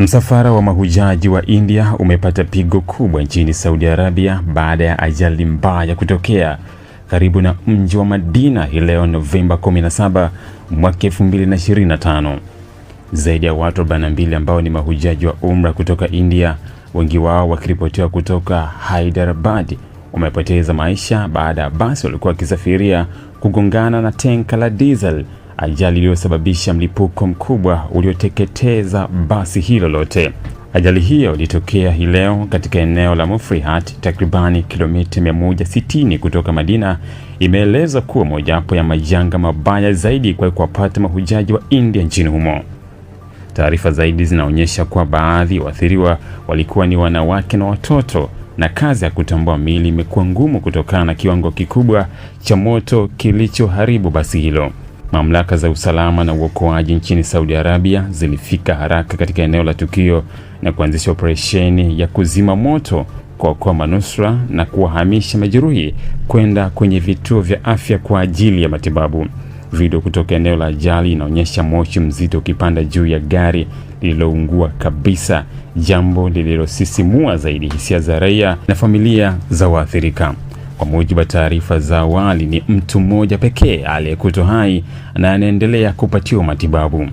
Msafara wa mahujaji wa India umepata pigo kubwa nchini Saudi Arabia baada ya ajali mbaya kutokea karibu na mji wa Madina hii leo Novemba 17 mwaka 2025. Zaidi ya watu 42 ambao ni mahujaji wa umra kutoka India, wengi wao wakiripotiwa kutoka Hyderabad, wamepoteza maisha baada ya basi walikuwa wakisafiria kugongana na tenka la diesel ajali iliyosababisha mlipuko mkubwa ulioteketeza basi hilo lote. Ajali hiyo ilitokea hii leo katika eneo la Mufrihat, takribani kilomita 160 kutoka Madina. Imeelezwa kuwa mojawapo ya majanga mabaya zaidi kwa kuwapata mahujaji wa India nchini humo. Taarifa zaidi zinaonyesha kuwa baadhi ya waathiriwa walikuwa ni wanawake na watoto, na kazi ya kutambua miili imekuwa ngumu kutokana na kiwango kikubwa cha moto kilichoharibu basi hilo. Mamlaka za usalama na uokoaji nchini Saudi Arabia zilifika haraka katika eneo la tukio na kuanzisha operesheni ya kuzima moto, kuokoa manusura na kuwahamisha majeruhi kwenda kwenye vituo vya afya kwa ajili ya matibabu. Video kutoka eneo la ajali inaonyesha moshi mzito ukipanda juu ya gari lililoungua kabisa, jambo lililosisimua zaidi hisia za raia na familia za waathirika. Kwa mujibu wa taarifa za awali, ni mtu mmoja pekee aliyekutwa hai na anaendelea kupatiwa matibabu.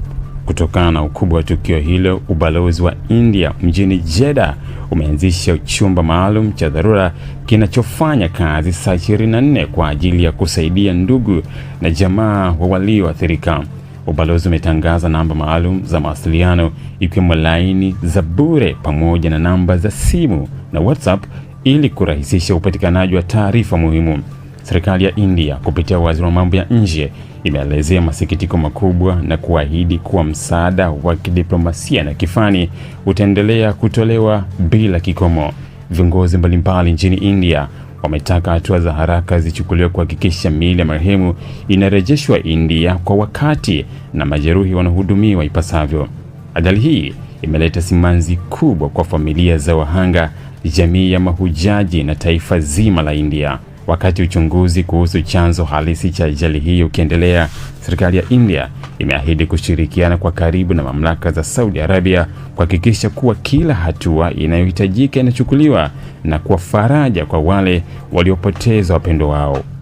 Kutokana na ukubwa wa tukio hilo, ubalozi wa India mjini Jeddah umeanzisha chumba maalum cha dharura kinachofanya kazi saa 24 kwa ajili ya kusaidia ndugu na jamaa wa walioathirika. Ubalozi umetangaza namba maalum za mawasiliano ikiwemo laini za bure pamoja na namba za simu na WhatsApp ili kurahisisha upatikanaji wa taarifa muhimu. Serikali ya India kupitia waziri wa mambo ya nje imeelezea masikitiko makubwa na kuahidi kuwa msaada wa kidiplomasia na kifani utaendelea kutolewa bila kikomo. Viongozi mbalimbali nchini India wametaka hatua za haraka zichukuliwe kuhakikisha miili ya marehemu inarejeshwa India kwa wakati na majeruhi wanahudumiwa ipasavyo. Ajali hii imeleta simanzi kubwa kwa familia za wahanga jamii ya mahujaji na taifa zima la India. Wakati uchunguzi kuhusu chanzo halisi cha ajali hiyo ukiendelea, serikali ya India imeahidi kushirikiana kwa karibu na mamlaka za Saudi Arabia kuhakikisha kuwa kila hatua inayohitajika inachukuliwa na kuwa faraja kwa wale waliopoteza wapendo wao.